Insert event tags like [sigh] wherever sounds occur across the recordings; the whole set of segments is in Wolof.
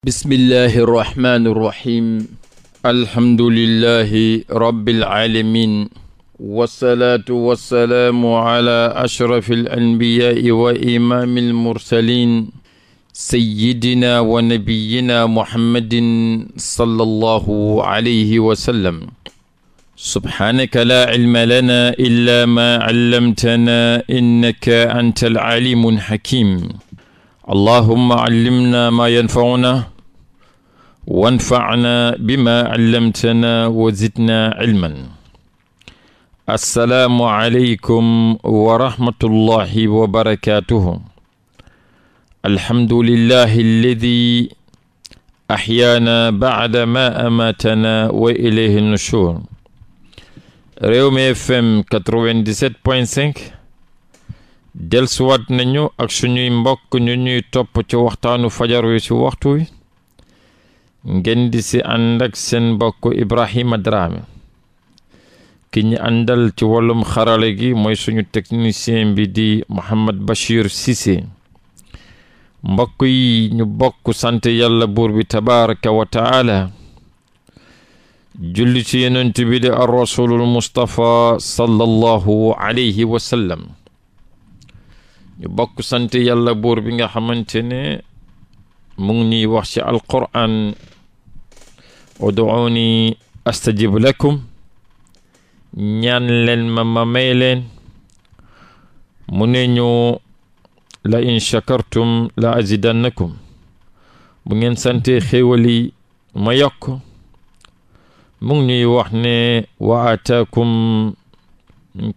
bismillahi irrahmani irrahim alhamdulillahi rabbil alamin wassalaatu wassalaamu ala ashrafi alanbiyaai wa imaami almursalin sayyidina wa nabiyina muhammadin sallallahu alayhi wa sallam subhaanaka laa cilma lanaa illaa maa callamtanaa innaka anta alcalimu alxakim allahumma callimna maa yanfacuna wanfacnaa bimaa callamtanaa wa zidnaa cilman assalaamu aleykum wa rahmatullahi wa barakaatuhu alhamdulillahi alladi axyaana bacda ma amaatana wa ilayhi nushur Rewmi FM 97.5 delsuwaat nañu ak suñuy mbokk ñu ñuy topp ci waxtaanu fajar wi ci waxtu wi ngeen di si ànd seen mbokk Ibrahima Drame ki ñu àndal ci wàllum xarala gi mooy suñu technicien bi di Mouhamed Bachir Cissé mbokk yi ñu bokk sant yàlla buur bi tabaraka wa taala julli ci yonent bi di ar rasulul mustapha sallallahu alayhi wa ñu bokk sant yàlla buur bi nga xamante ne mu ngi ñuy wax ci uduuni astajib lakum ñaan leen ma ma may leen mu ne ñu la in shakartum la azidannakum bu ngeen sante xéewali ma yokk mu ñuy wax ne wa ataakum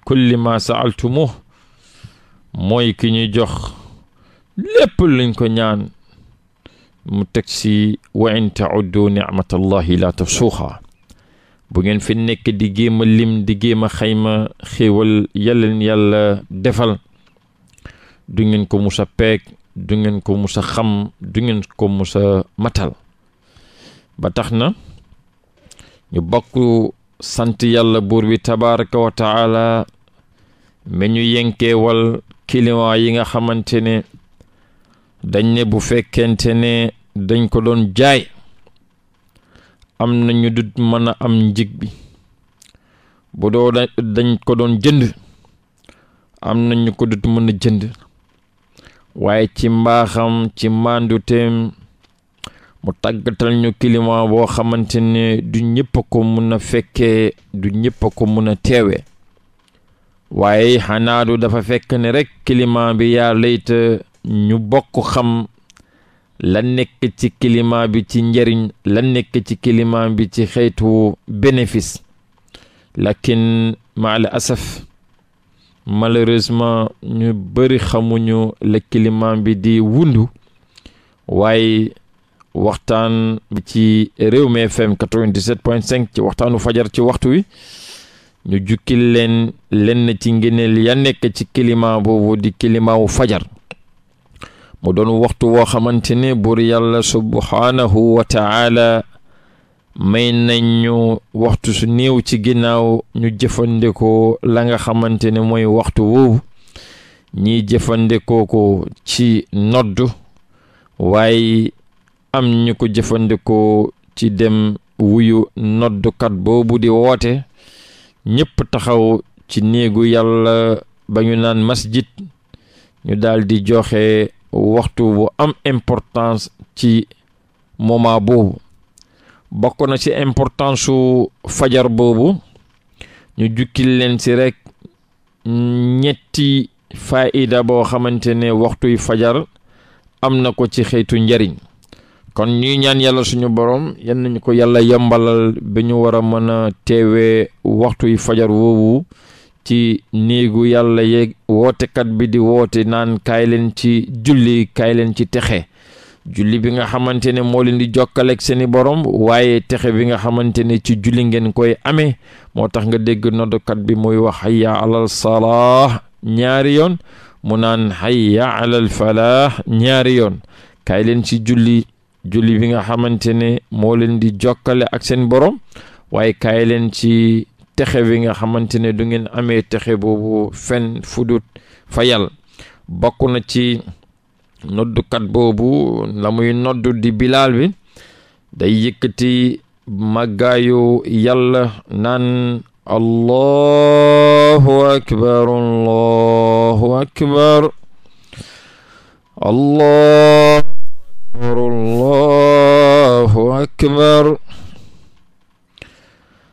kulli ma saaltumuh mooy ki ñuy jox lépp luñ ko ñaan mu teg si wa in tauddu nicmatallahi la tuxsuuha bu ngeen fi nekk di géem lim di géem a xayma xéewal yaleen yàlla defal du ngeen ko musa peeg du ngeen ko musa xam du ngeen ko musa matal ba tax na ñu bokk sant yàlla buur bi tabaraka wa taala me ñu yenkeewal kilimaa yi nga xamante ne dañ ne bu fekkente ne dañ ko doon jaay am na dut mën am njig bi bu doo dañ ko doon jënd am nañu ko dut mën jënd waaye ci mbaaxam ci mànduteem mu tàggatal ñu climat boo xamante ne du ñëpp ko mun a fekkee du ñëpp ko mun a waaye xanaa du dafa fekk ne rek climat bi yaa layta ñu bokk xam la nekk ci climat bi ci njariñ la nekk ci climat bi ci xeetu bénéfice lakin ma al asaf malheureusement ñu bëri xamuñu la climat bi di wundu waaye waxtaan ci Rewmi FM 97.5 ci waxtaanu fajar ci waxtu wi ñu jukkil leen lenn ci ngëneel ya nekk ci climat boobu di climat wu fajar mu doon waxtu woo xamante ne buur yàlla subhaanahu wa taala may nañu waxtu su niw ci ginnaaw ñu jëfandikoo la nga xamante ne mooy waxtu woowu ñiy jëfandikoo ko ci nodd waaye am ñu ko jëfandikoo ci dem wuyu noddukat boobu di woote ñépp taxaw ci néegu yàlla ba ñu naan masjid ñu daldi joxe waxtu wu am importance ci moment boobu bokk na ci importance su fajar boobu ñu jukkil leen si rekk ñetti faida boo xamante ne waxtuy fajar am na ko ci xeetu njariñ kon ñuy ñaan yàlla suñu borom yan nañu ko yàlla yombalal bi ñu war a mën a teewee waxtuy fajar woowu ci néegu yàlla yeeg wootekat bi di woote naan kaay leen ci julli kaay ci texe julli bi nga xamante ne moo leen di jokkaleeg seeni borom waaye texe bi nga xamante ne ci julli ngeen koy amee moo tax nga dégg noddukat bi muy wax hayya alal salaah ñaari yoon mu naan hayya alal falaah ñaari yoon kaay leen ci julli julli bi nga xamante ne moo leen di jokkale ak seen borom waaye kaay ci texe bi nga xamante ne du amee texe boobu fen fudut fayal bokk na ci noddukat boobu la muy noddu di bilaal bi day yëkkati màggaayu yàlla naan allahu akbar allahu akbar allahu akbar allahu akbar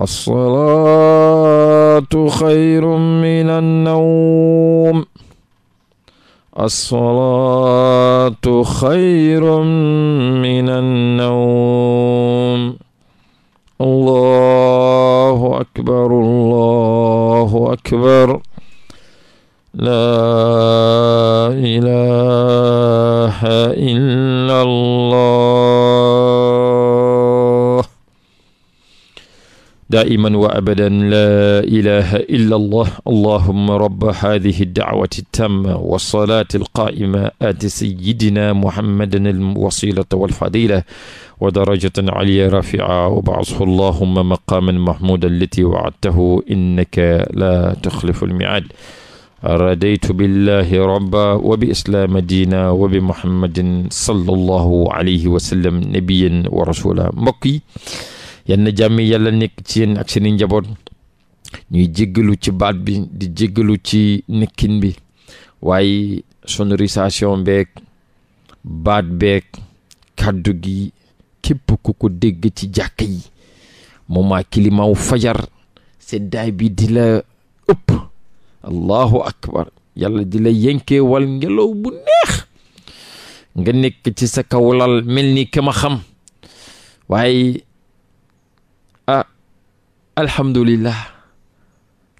alsalaatu xayrun min annawm alsalaatu xayrun min annawm allahu akbar illa allah daa'iman wa abadan laa ilaha illa allah allahumma rabba haadihi dacwati tamma wa salaati alqaa'ima aati sayyidina muhammadan alwasilata walfadila wa darajatan caliya rafica wa bacathu allahumma maqaaman mahmuudan allati wacadtahu innaka laa tuxlifu almicaad radaytu billahi rabba wa bi islaama diina wa bi muhammadin sallallahu alayhi wa sallam nabiyan wa rasula mbokk yi yan jàmm yàlla nekk ci yéen ak seeni njaboot ñuy jéggalu ci baat bi di jéggalu ci nekkin bi waaye sonorisation beeg baat beek kàddu gi képp ku ko dégg ci jàkk yi moomaa kilimaaw fajar seddaay bi di la ëpp allahu akbar yàlla di la yënkeewal ngelaw bu neex nga nekk ci sa kawlal mel ni ka ma xam waaye ah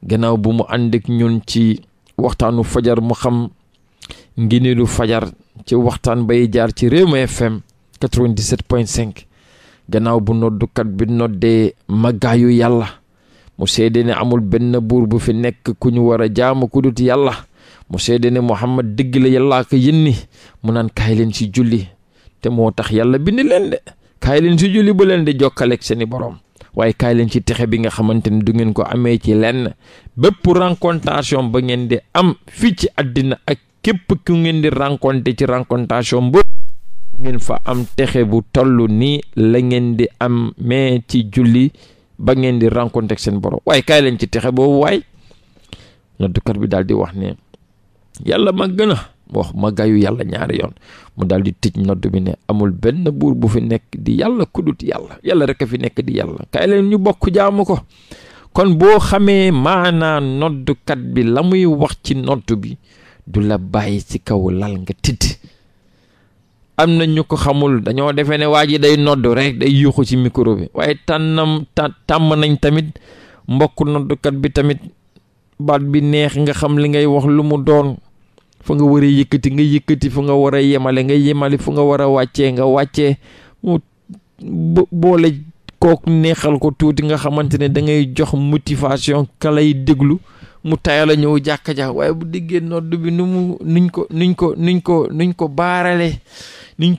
gannaaw bu mu ànd ak ñun ci waxtaanu fajar mu xam ngéneelu fajar ci waxtaan bay jaar ci Rewmi FM 97.5 gannaaw bu noddukat bi noddee màggaayu yàlla mu seede ne amul benn buur bu fi nekk ku ñu war a jaamu ku dut yàlla mu seede ne Muhammad dëgg la yàllaa ko yënni mu naan kaay leen ci julli te moo tax yàlla bind leen de kaay leen julli bu leen di jokkaleeg seeni boroom waaye kaay leen ci texe bi nga xamante ne du ngeen ko amee ci lenn bépp rencontation ba ngeen di am fii ci àddina ak képp ku ngeen di rencontré ci rencontation bu ngeen fa am texe bu toll nii la ngeen di am mais ci julli ba ngeen di rencontré ak seen borom waaye kaay leen ci texe boobu waaye waay noddukat bi daal di wax ne yàlla ma gën a wax ma gayu yàlla ñaari yoon mu daal di tij nodd bi ne amul benn buur bu fi nekk di yàlla kudut yàlla yàlla rek a fi nekk di yàlla kay leen ñu bokk jaamu ko kon boo xamee maanaa noddukat bi la muy wax ci nodd bi du la bàyyi ci kaw lal nga tidd am na ñu ko xamul dañoo defe ne waa ji day nodd rek day yuuxu ci micro bi waaye tànnam tàmm nañ tamit mbokk noddukat bi tamit baat bi neex nga xam li ngay wax lu mu doon fa nga war a yëkkati nga yëkkati fu nga war a yemale nga yemale fu nga war a wàccee nga wàcce mu boole kooku neexal ko tuuti nga xamante ne da ngay jox motivation ka lay déglu mu tayal a ñëw jàkka ja waaye bu déggee nodd bi nu mu nuñ ko nuñ ko nuñ ko nuñ ko baarale niñ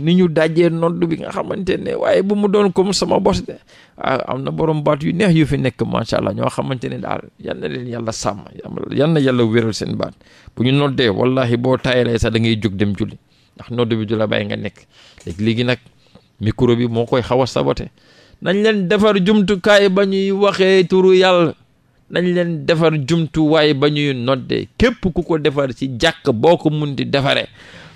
ni ñu dajee nodd bi nga xamante ne waaye bu mu doon comme sama bos de ah, am na borom baat yu neex yu fi nekk macha allah ñoo xamante ne daal yal na leen yàlla sàmm yal na yàlla wéral seen baat bu ñu noddee wallahi boo tayalee sax da ngay jóg dem julli ndax nodd bi du la bàyyi nga nekk léegi léegi nag micro bi moo koy xaw a sabote nañ leen defar jumtukaay ba ñuy waxee turu yàlla nañ leen defar jumtuwaay ba ñuy noddee képp ku ko defar ci jàkk boo ko mun di defaree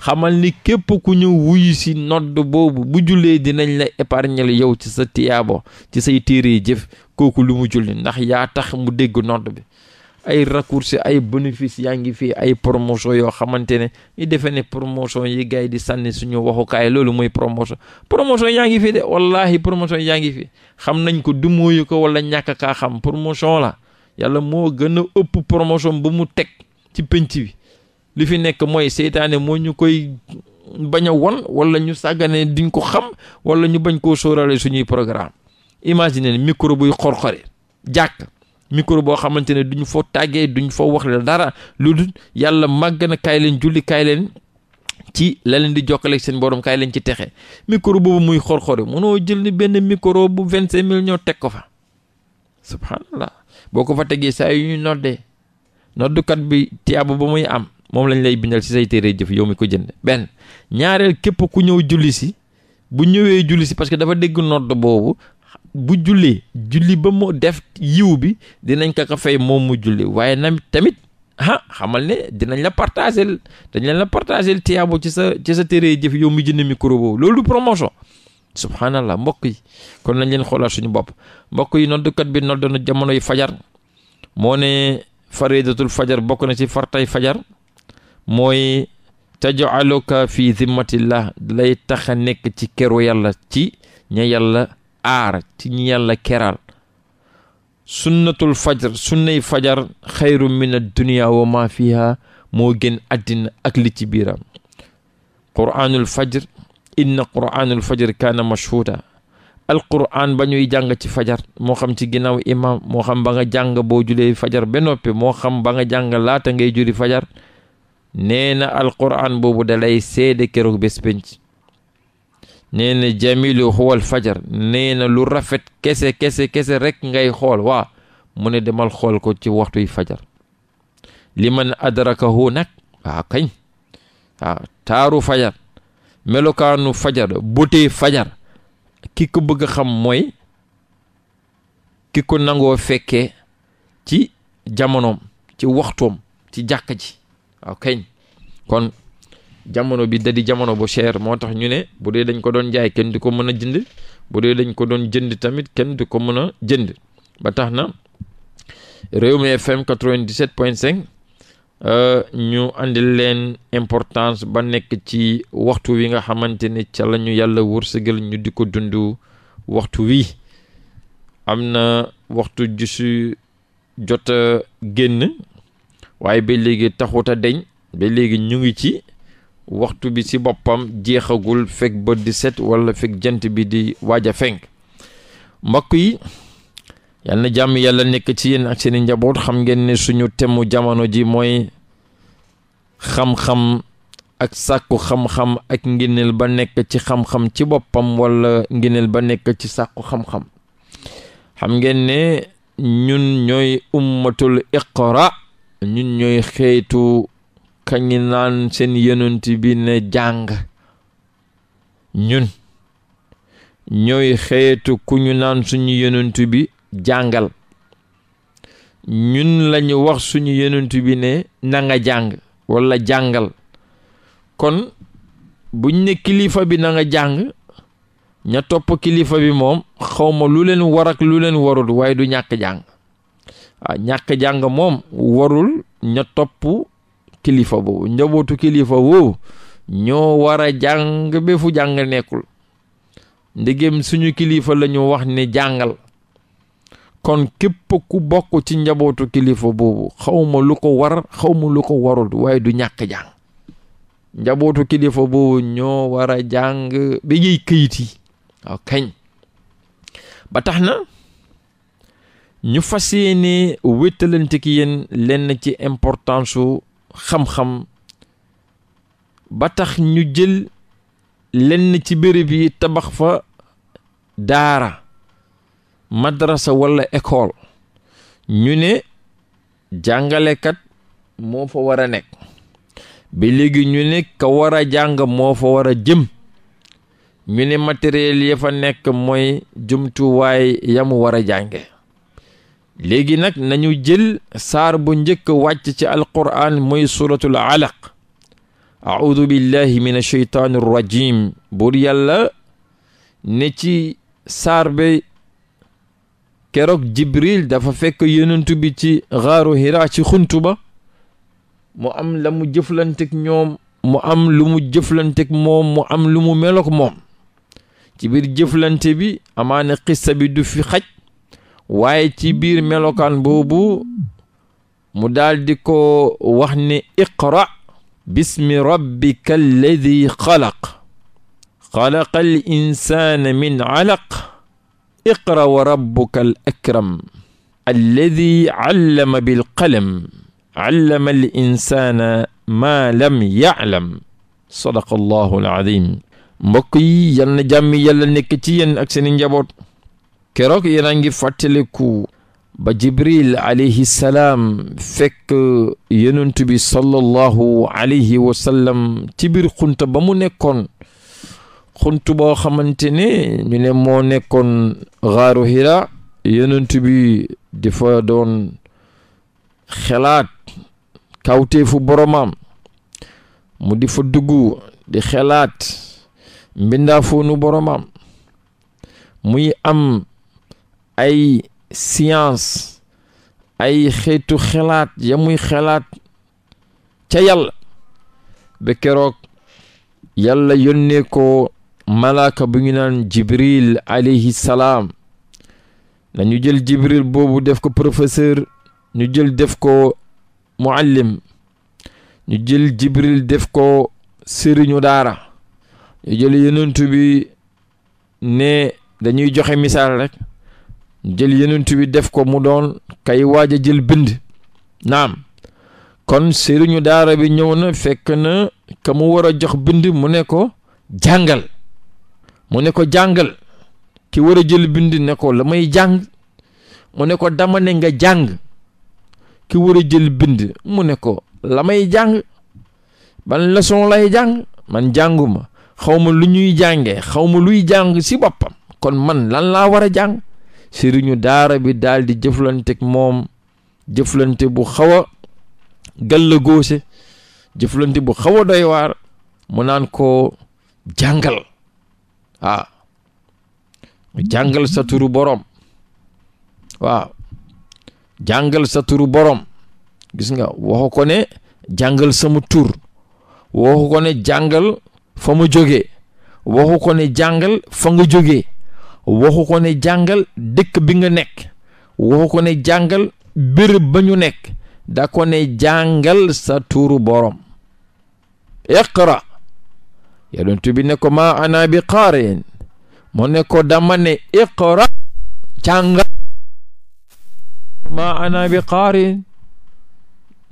xamal ni képp ku ñu wuyu si nodd boobu bu jullee dinañ la épargnel yow ci sa tiyaabo ci say téere jëf kooku lu mu julli ndax yaa tax mu dégg nodd bi ay raccourci ay bénéfice yaa ngi fii ay promotion yoo xamante ne ñu defee ne promotion yi gars yi di sànni suñu waxukaay loolu mooy promotion promotion yaa ngi fii de wallahi promotion yaa ngi fi xam nañ ko du mooyu ko wala ñàkk kaa xam promotion la yàlla moo gën a ëpp promotion bu mu teg ci penc bi li fi nekk mooy seytaane moo ñu koy bañ a won wala ñu sàggane diñ ko xam wala ñu bañ koo sóorale suñuy programme imagine micro buy xor-xore jàkk micro boo xamante ne duñ fa tàggee duñ fa wax la dara lu yàlla màgg na kaay leen julli kaay ci la di jokkale seen borom kaay ci texe micro boobu muy xor-xore mënoo jël ni benn micro bu vingt-cinq millions teg ko fa boo ko fa tegee saa yu ñu noddee noddukat bi tiyaaba ba muy am moom lañ lay bindal ci say téeree jëf yow mi ko jënd benn ñaareel képp ku ñëw julli si bu ñëwee julli parce que dafa dégg nodd boobu bu jullee julli ba mu def yiw bi dinañ ko ko fay moom mu julli waaye na tamit ah xamal ne dinañ la partager dañ leen la partager tiyaabo ci sa ci sa téere jëf yow mi jënd micro loolu du promotion subhaanallah mbokk yi kon lañ leen xoolaat suñu bopp mbokk yi noddukat bi nodd na jamonoy fajar moo ne faridatul fajar bokk na ci fartay fajar mooy tajaaluka fi zimmatillah lay tax a nekk ci keru yàlla ci ña yàlla aar ci ñi yàlla keral sunnatul fajar sunnay fajar xayru min addunia wa ma fiha moo gën àddina ak li ci biiram quraanul fajar inna quraanul fajar kaana mashhuuda alquran ba ñuy jàng ci fajar moo xam ci ginnaaw imam moo xam ba nga jàng boo julee fajar ba noppi moo xam banga nga jàng laata ngay juri fajar nee na alquran boobu dalay seede keroog bés penc nee na jamilu fajar nee na lu rafet kese kese kese rek ngay xool waa mu ne demal xool ko ci waxtuy fajar liman adrakahu nag waa kañ waa taaru fajar melokaanu fajar beauté fajar ki ko bëgg xam mooy ki ko nangoo fekkee ci jamonoom ci waxtoom ci jàkka ji waaw kañ kon jamono bi da di jamono bu cher moo tax ñu ne bu dee dañ ko doon jaay kenn di ko mën a jënd bu dee dañ ko doon jënd tamit kenn du ko mën a jënd ba tax na réew Rewmi FM 97.5 Euh, ñu andil leen importance ba nekk ci waxtu wi nga xamante ne ca la ñu yàlla wërsëgal ñu di ko dund waxtu wi am na waxtu ju si jot a génn waaye ba léegi taxut a deñ ba léegi ñu ngi ci waxtu bi ci boppam jeexagul fekk bët di set wala fekk jant bi di waaj a fenk mbokk yi. yal jàmm yàlla nekk ci yenn ak seeni njaboot xam ngeen ne suñu temu jamono ji mooy xam-xam ak sàkku xam-xam ak ngineel ba nekk ci xam-xam ci boppam walla ngineel ba nekk ci sàkku xam-xam xam ngeen ne ñun ñooy ummatul iqra ñun ñooy xeetu kañi naan seen yonent bi ne jàng ñun ñooy xeetu ku ñu naan suñu yonent bi jàngal ñun lañu wax suñu yonent bi ne na nga jàng walla jàngal kon buñ ne kilifa bi na nga jàng ña topp kilifa bi moom xawma lu leen war lu leen warul waaye du ñàkk jàng waaw ah, ñàkk jàng moom warul ña topp kilifa boobu njabootu kilifa boobu ñoo war jàng ba fu jàng nekkul ndegem suñu kilifa lañu wax ne jàngal kon képp ku bokk ci njabootu kilifa boobu xawma lu ko war xawma lu ko warul waaye du ñàkk jàng njabootu kilifa boobu ñoo wara jàng ba yëy këyit yi waaw kañ ba tax na ñu fas yéene wéttalante ki yéen lenn ci importance su xam-xam ba tax ñu jël lenn ci béréb yi tabax fa daara madrasa walla ekol ñu ne jàngalekat moo fa war a nekk bi léegi ñu ne ka war a jàng moo fa war a jëm ñu ne matériel ya nekk mooy jumtuwaay yamu war a jànge léegi nag nañu jël saar bu njëkk wàcc ci alqur'an mooy suratul alaq a'udu billahi min asheytaani rajim buur yàlla ne ci saar bi keroog jibril dafa fekk yonentu bi ci xaaru Hira ci xuntu ba mu am la mu jëflantek ñoom mu am lu mu jëflantek moom mu am lu mu melok moom ci biir jëflante bi amaana xissa bi du fi xaj waaye ci biir melokaan boobu mu daldi ko wax ni iqra bismi rabbika alladi xalaq xalaqa al min alaq iqra wa rabbuka al akram alladi allama bilqalam allama al insaana maa lam yaalam sadaqa allahu al azim mbokk yi yal na jàmm yàlla nekk ci yéen ak seeni njaboot keroog yéen a ngi fàttaliku ba jibril alayhi salaam fekk yonent bi sallallahu alayhi wa sallam ci biir xunta ba mu nekkoon xunt boo xamante ne ñu ne moo nekkoon xaaru Hira yonent bi di doon xelaat kawteefu boromam mu di fa dugg di xelaat mbindaafoonu boromam muy am ay science ay xeetu xelaat ya muy xelaat ca yàlla ba keroog yàlla yónnee ko malaaka bu ñu naan jibril alayhi salaam nañu jël jibril boobu def ko professeur ñu jël def ko mu muallim ñu jël jibril def ko sëriñu daara ñu jël yenentu ne dañuy joxe misaal rek ñu jël yenentu def ko mu doon kay waaj a jël bind naam kon sëriñu daara bi ñëw na fekk na ka mu war a jox bind mu ne ko jàngal mu ne ko jàngal ki war a jël bind ne ko la may jàng mu ne ko dama ne nga jàng ki war a jël bind mu ne ko la may jàng ban leçon lay jàng man jànguma xawma lu ñuy jàngee xawma luy jàng ci boppam kon man lan laa war a jàng sëriñu daara bi daal di moom jëflante bu xaw a gàll góose jëflante bu xaw a doy waar mu naan ko jàngal ah jàngal sa turu boroom waaw jàngal sa turu boroom gis nga waxu ko ne jàngal sama tur waxu ko ne jàngal fa ma jógee waxu ko ne jàngal fa nga jóge waxu ko ne jàngal dëkk bi nga nekk waxu ko ne jàngal bërëb ba ñu nekk da ko ne jàngal sa turu boroom iqra yonent bi ne ko ma ana bi qaari'in ne ko dama ne iqra cànga ma ana bi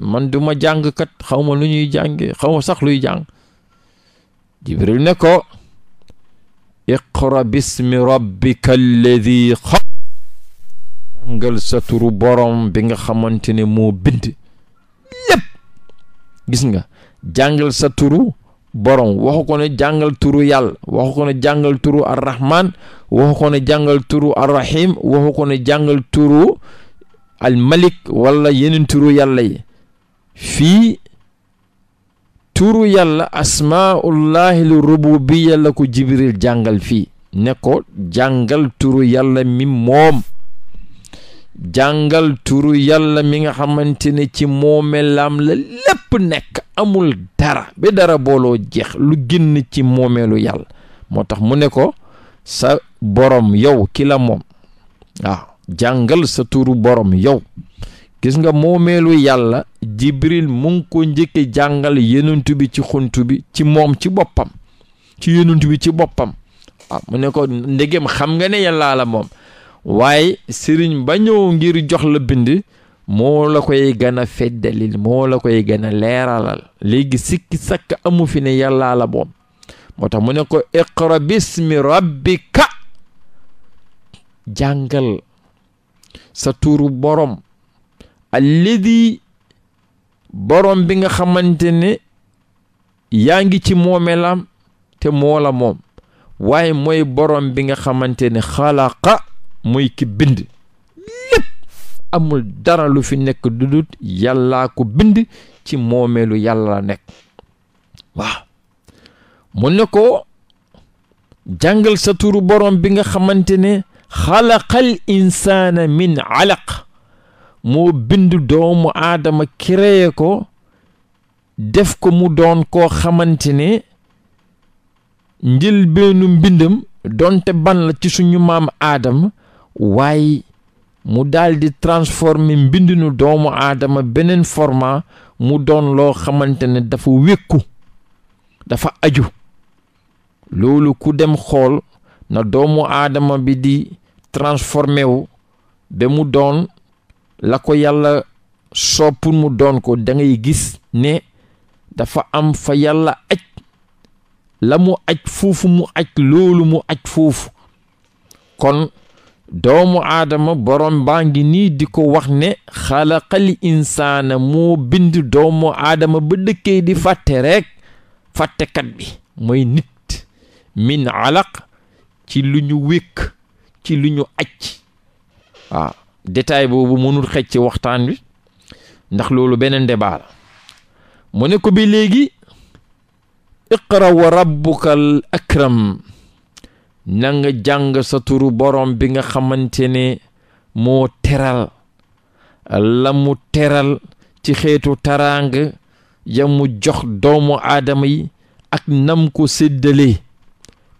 man duma jàngkat xaw ma lu ñuy jànge ma sax luy jàng jibril ne ko iqra bismi rabbika alladi xalaq jàngal sa borom bi nga xamante ne moo bind lépp gis nga jàngal sa turu borom waxu ko ne jàngal turu yàlla waxu ko ne jàngal turu arrahman waxu ko ne jàngal turu arrahim waxu ko ne jàngal turu almalik walla yeneen turu yàlla yi fii turu yàlla asmaullahi lu rububiya la ko jibril jàngal fii ne ko jàngal turu yàlla mi moom jàngal turu yàlla mi nga xamante ne ci moomeelam la lépp nekk amul dara ba dara booloo jeex lu ginn ci moomeelu yàlla moo tax mu ne ko sa borom yow kila moom waaw jàngal sa turu borom yow gis nga moomeelu yàlla jibril mu ngi ko njëkke jàngal yenentu bi ci xuntu bi ci moom ci boppam ci yenentu bi ci boppam mu ne ko ndegem xam nga ne yàllaa la moom waaye sëriñ ba ñëw ngir jox la bind moo la koy gën a feddalil moo la koy gën a leeralal léegi sikki sakk amu fi ne yàllaa la boom moo tax mu ne ko iqra bismi rabbika jàngal sa turu borom alladi borom bi nga xamante ne yaa ngi ci moomelam te moo la moom waaye mooy borom bi nga xamante ne xalaqa muy ki bind lépp amul dara lu fi nekk dudut yàllaa ko bind ci moomeelu yàlla nekk waaw mu ne ko jàngal sa turu borom bi nga xamante ne xalaqal insaana min alaq moo bind doomu aadama créé ko def ko mu doon koo xamante ne njëlbeenu mbindam doonte ban la ci suñu maam aadama waaye mu daldi di transformer mbindinu doomu aadama beneen format mu doon loo xamante ne dafa wékku dafa aju loolu ku dem xool na doomu aadama bi di transformé wu ba mu doon la ko yàlla sopp mu doon ko dangay gis ne dafa am fa yàlla aj la mu aj foofu mu aj loolu mu aj foofu kon doomu aadama borom baa ngi nii di ko wax ne xalaqal insaana moo bind doomu aadama ba dëkkee di fàtte rekk fàttekat bi mooy nit min alax ci lu ñu wékk ci lu ñu acc waaw boobu mënul xej waxtaan wi ndax loolu beneen débat la mu ne bi léegi iqra wa rabbukal akram nanga nga jàng sa turu borom bi nga xamante ne moo teral la teral ci xeetu taraang ya jox doomu aadama yi ak nam ko séddalee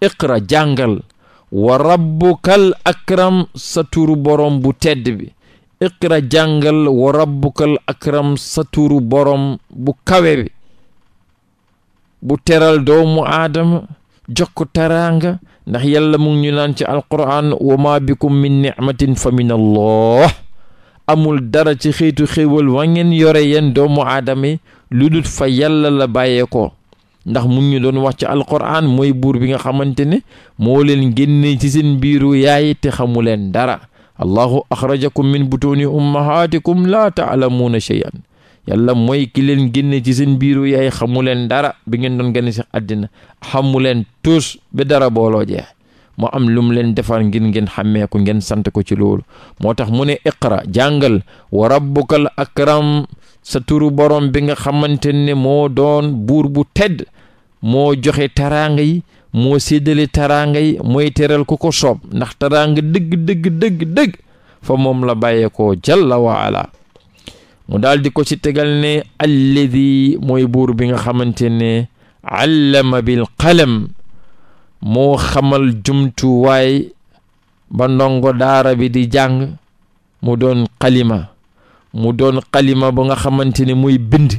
iqra jàngal wa rabbukal akram sa turu borom bu tedd bi iqra jàngal wa rabbukal akram sa turu borom bu kawe bi bu teral doomu aadama jox ko taraanga ndax yalla mu ngi ñu naan ci alquran wa ma bikum min nicmatin fa min allah amul dara ci xeetu xéewal wa ngeen yore yeen doomu aadama yi lu dul fa yàlla la bàyyee ko ndax mu ngi ñu doon wax ci alquran mooy buur bi nga xamante ne moo leen génne ci seen biiru yaay te xamu leen dara allahu axrajakum min butuuni ummahatikum laa taalamuuna cheyan yàlla mooy ki leen génne ci seen biiru yaay xamu leen dara bi ngeen doon gane si àddina xamu leen tuus ba dara booloo jeex mu am lu mu leen defar ngir ngeen xàmmee ko ngeen sant ko ci loolu moo tax mu ne iqra jàngal wa rabbukal akram sa turu borom bi nga xamante ne moo doon buur bu tedd moo joxe taraanga yi moo séddale taraanga yi mooy teral ku ko soob ndax taraanga dëgg dëgg dëgg fa moom la bàyyee ko jalla wa ala mu daal di ko ci tegal ne alladi mooy buur bi nga xamante ne allama bil qalam moo xamal jumtuwaay ba ndongo daara bi di jàng mu doon xalima mu doon xalima ba nga xamante ne muy bind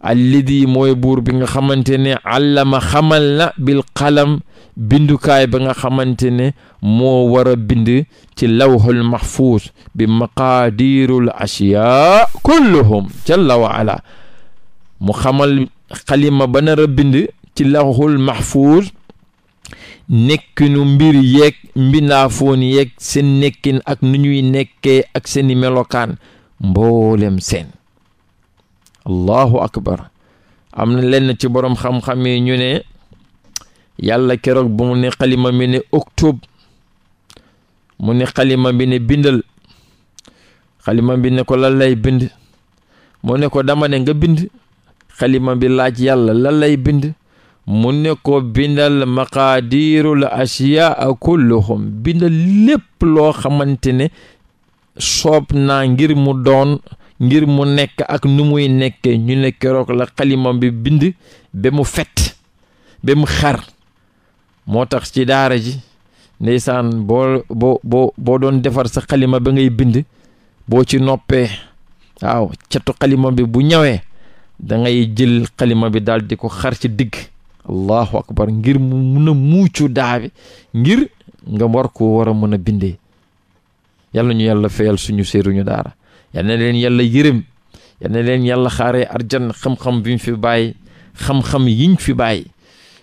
alladi mooy buur bi nga xamante ne allama xamal na bil qalam bindukaay ba nga xamante ne moo wara a bind ci lawhul mahfuus bi maqaadirul ashiya kulluhum jalla wa ala mu xamal xalima ba nar a bind ci lawhul mahfuus nekkinu mbir yeeg mbindaafoon yeeg seen nekkin ak nu ñuy nekkee ak seeni melokaan mboolem seen allahu akbar am na lenn ci boroom xam-xam yi ñu ne yàlla keroog bu mu ne xalima bi ne octobre mu ne xalima bi ne bindal xalima bi ne ko lan lay bind mu ne ko dama ne nga bind xalima bi laaj yàlla lan lay bind mu ne ko bindal maqaadirul asiyaa kulluhum bindal lépp loo xamante ne soob ngir mu doon ngir mu nekk ak nu muy nekke ñu ne keroog la xalimam bi bind ba mu fet ba mu xar moo tax ci daara ji ndeysaan boo boo boo boo doon defar sa xalima ba ngay bind boo ci noppee waaw catu xalima bi bu ñawee dangay jël xalima bi daldi ko xar ci digg allahu akbar ngir mu mun a muucu daabi ngir nga war ko war a mën a bindee yàlla ñu yàlla fayal suñu séeruñu daara yal leen yàlla yërëm yal leen yàlla xaare arjan xam-xam bi fi bàyyi xam-xam yiñ fi bàyyi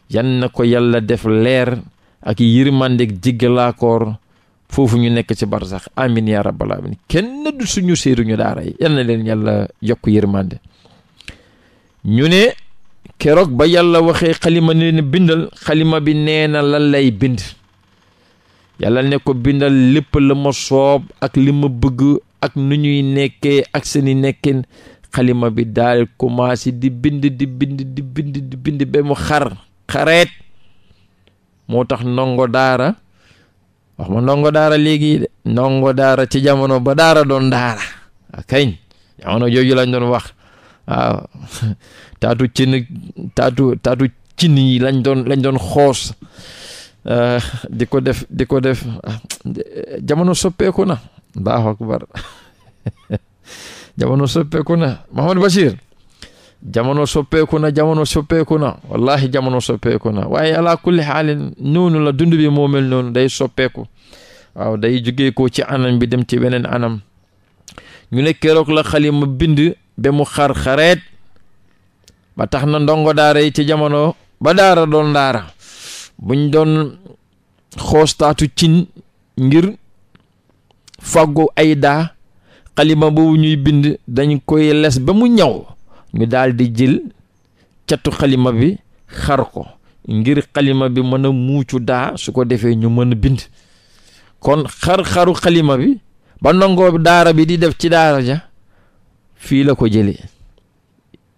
yan na ko yàlla def leer ak yërmandeeg jiggalaakoor foofu ñu nekk ci barsax amin ya rabbal alamin kenn du suñu séeruñu daara yi yal leen yàlla yokk yërmande ñu ne keroog ba yàlla waxee xalima ne bindal xalima bi nee na lan lay bind yàlla ne bindal lépp la ma soob ak li ma bëgg ak nu ñuy nekkee ak seeni nekkin xalima bi daal commencé di bind di bind di mu xar xareet moo tax ndongo daara wax ma ndongo daara léegi de ndongo daara ci jamono ba daara doon daara ah, kañ jamono jooju lañ doon wax waaw ah, [laughs] taatu cin taatu cin yi lañ doon lañ doon xoos ah, di ko def di ko def jamono soppeeku na allahu akbar jamono soppeeku na Mouhamadou Bachir jamono soppeeku na jamono soppeeku na wallahi jamono soppeeku na waaye ala kulli xaalin noonu la dund bi moo mel noonu day soppeeku waaw day jógee ci anam bi dem ci beneen anam ñu ne keroog la xalima bind ba mu xar-xareet ba tax na ndongo daara ci jamono ba daara doon daara buñ doon xostaatu cin ngir fàggu ay daa xalima boobu ñuy bind dañ koy les ba mu ñaw ñu daldi di jël catu xalima bi xar ko ngir xalima bi mën a muucu daa su ko defee ñu mën a bind kon xar-xaru xalima bi ba nangoo daara bi di def ci daara ja fii la ko jële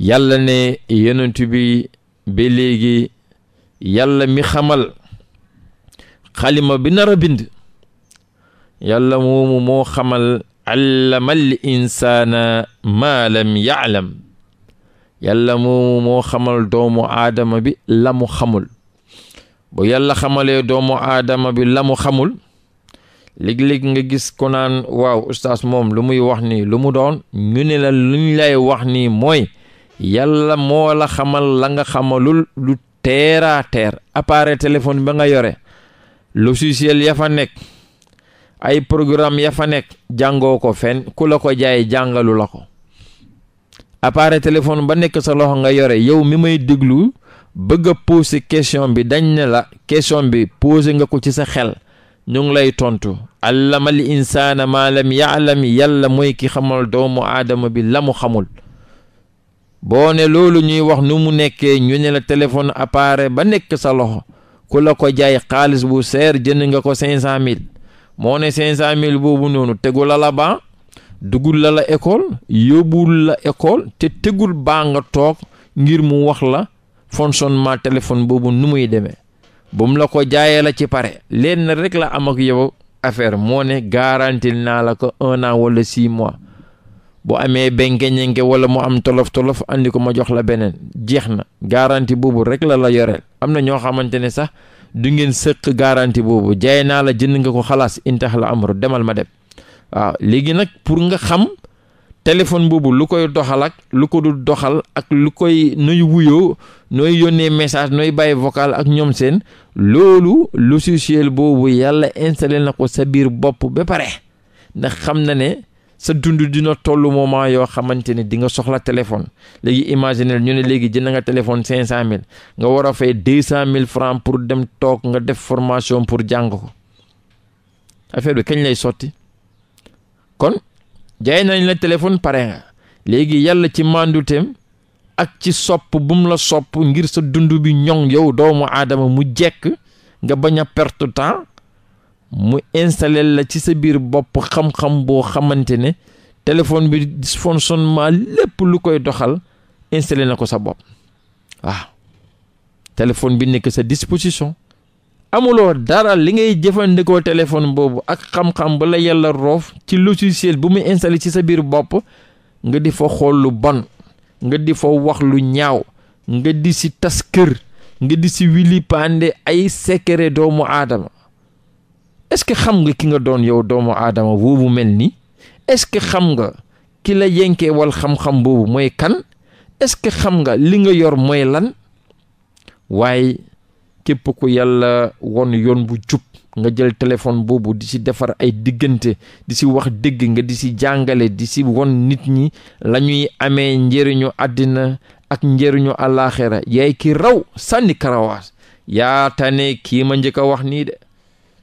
yàlla ne yonent bi ba léegi yàlla mi xamal xalima bi nar a bind yàlla moomu moo xamal allamal insaana maa lam yaalam yàlla moomu moo xamal doomu aadama bi la xamul bu yàlla xamalee doomu aadama bi lamu xamul léeg-léeg nga gis ko naan waaw ustaas moom lu muy wax ni lu mu doon ñu ne la luñ lay wax ni mooy yàlla moo la xamal la nga xamalul lu teera teer appareil téléphone ba nga yore logiciel ya nekk ay programme ya fa nekk jàngoo ko fenn ku la ko jaay jàngalu la ko appareil téléphone ba nekk sa loxo nga yore yow mi may déglu bëgg a poser bi dañ ne la question bi poser nga ko ci sa xel ñu ngi lay tontu allamal insaana maa lam ya'lam yàlla mooy ki xamal doomu aadama bi la mu xamul boo ne loolu ñuy wax nu mu nekkee ñu ne la téléphone appareil ba nekk sa loxo ku la ko jaay xaalis bu seer jënd nga ko cinq cent mille moo ne cinq cent mille boobu noonu tegul la la ban la la école yóbbul la école te tegul baa nga toog ngir mu wax la fonctionnement téléphone boobu nu muy demee ba mu la ko jaayee la ci pare lenn rek la am ak yow affaire moo ne garantil naa la ko un an wala six mois bu amee bengeñenge wala mu am tolof tolof andi ko ma jox la beneen jeex na garanti boobu rek la la yoreel am na ñoo xamante ne sax du ngeen sëq garantie boobu jaay naa la jënd nga ko xalaas intax la amru demal ma dem waaw léegi nag pour nga xam téléphone boobu lu koy doxal ak lu ko dul doxal ak lu koy nuy wuyoo nooy yónnee message nooy bàyyi vocal ak ñoom seen loolu logiciel boobu yàlla installé na ko sa biir bopp ba pare ndax xam na ne sa dund dina toll moment yoo xamante ne di nga soxla téléphone léegi imaginel ñu ne léegi jënd nga téléphone cinq cent mille nga war a fay deux cent mille francs pour dem toog nga def formation pour jàng ko affaire bi kañ lay sotti kon jaay nañ la téléphone pare nga léegi yàlla ci manduteem ak ci sopp bu la sopp ngir sa dund bi ñoŋ yow doomu aadama mu jekk nga bañ a perte temps mu installé la ci sa biir bopp xam-xam boo xamante ne téléphone bi dysfonctionnement lépp lu koy doxal installé na ko sa bopp waaw téléphone bi nekk sa disposition amuloo dara li ngay jëfandikoo téléphone boobu ak xam-xam ba la yàlla roof ci logiciel bu muy installé ci sa biir bopp nga di fa xool lu bon nga di fa wax lu ñaaw nga di si tas kër nga di si wili pande ay secret doomu aadama est-ce que xam nga ki nga doon yow doomu aadama boobu mel nii est-ce que xam nga ki la yenkee wal xam-xam boobu mooy kan est-ce que xam nga li nga yor mooy lan waaye képp ku yàlla won yoon bu jub nga jël téléphone boobu di ci defar ay diggante di si wax dégg nga di si jàngale di si won nit ñi la ñuy amee njëriñu àddina ak njëriñu àllaaxira yaay ki raw sànni karawaas yaa kii ma njëkk a wax nii de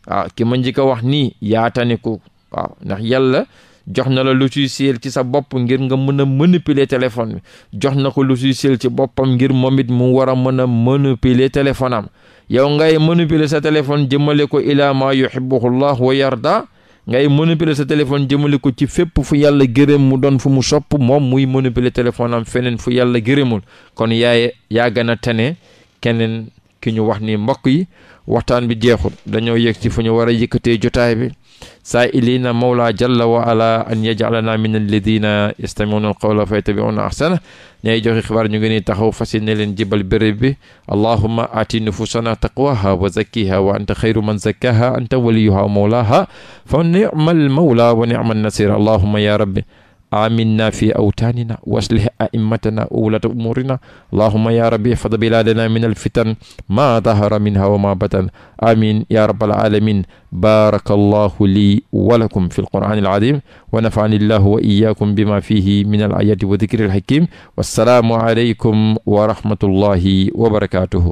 waaw ah, ki ma njëkk wax nii yaa tane ko waaw ndax yàlla jox na la logiciel ci sa bopp ngir nga mën a manipuler téléphone bi jox na ko logiciel ci boppam ngir moom it mu war a mën a manipuler téléphone am yow ngay manipuler sa téléphone jëmale ko ila ma yuhibbuhu llah wa yarda ngay manipuler sa téléphone jëmale ko ci fépp fu yàlla gërëm mu doon fu mu sopp moom muy manipuler téléphone am feneen fu yàlla gërëmul kon yaay yaa gën a tane keneen ki ñu wax ni mbokk yi waxtaan bi jeexul dañoo yegg si fu ñu war a yëkkatee jotaay bi saa ilina mawla jalla wa ala an yajalana min alladina yastamiuna alqawla fa yatabiuna ahsana ñay joxe xibaar ñu ngi nii taxaw fasi ne leen jibal béréb bi allahuma aati nufusana taqwaha wa zakkiha wa anta xayru man zakkaha anta waliyuha mawlaha fa ni'mal mawla wa ni'man nasir allahuma ya rabbi aminna fi awtaanina wa aslih a'immatana wa wulata umurina allahumma ya rabbi ihfad biladana min alfitan ma dahara minha wa ma batan amin ya rabbal alamin baraka allahu li wa lakum fi alqur'ani alazim wa nafa'ani allahu wa iyyakum bima fihi min alayati wa dhikri alhakim wassalaamu alaykum wa rahmatullahi wa barakatuhu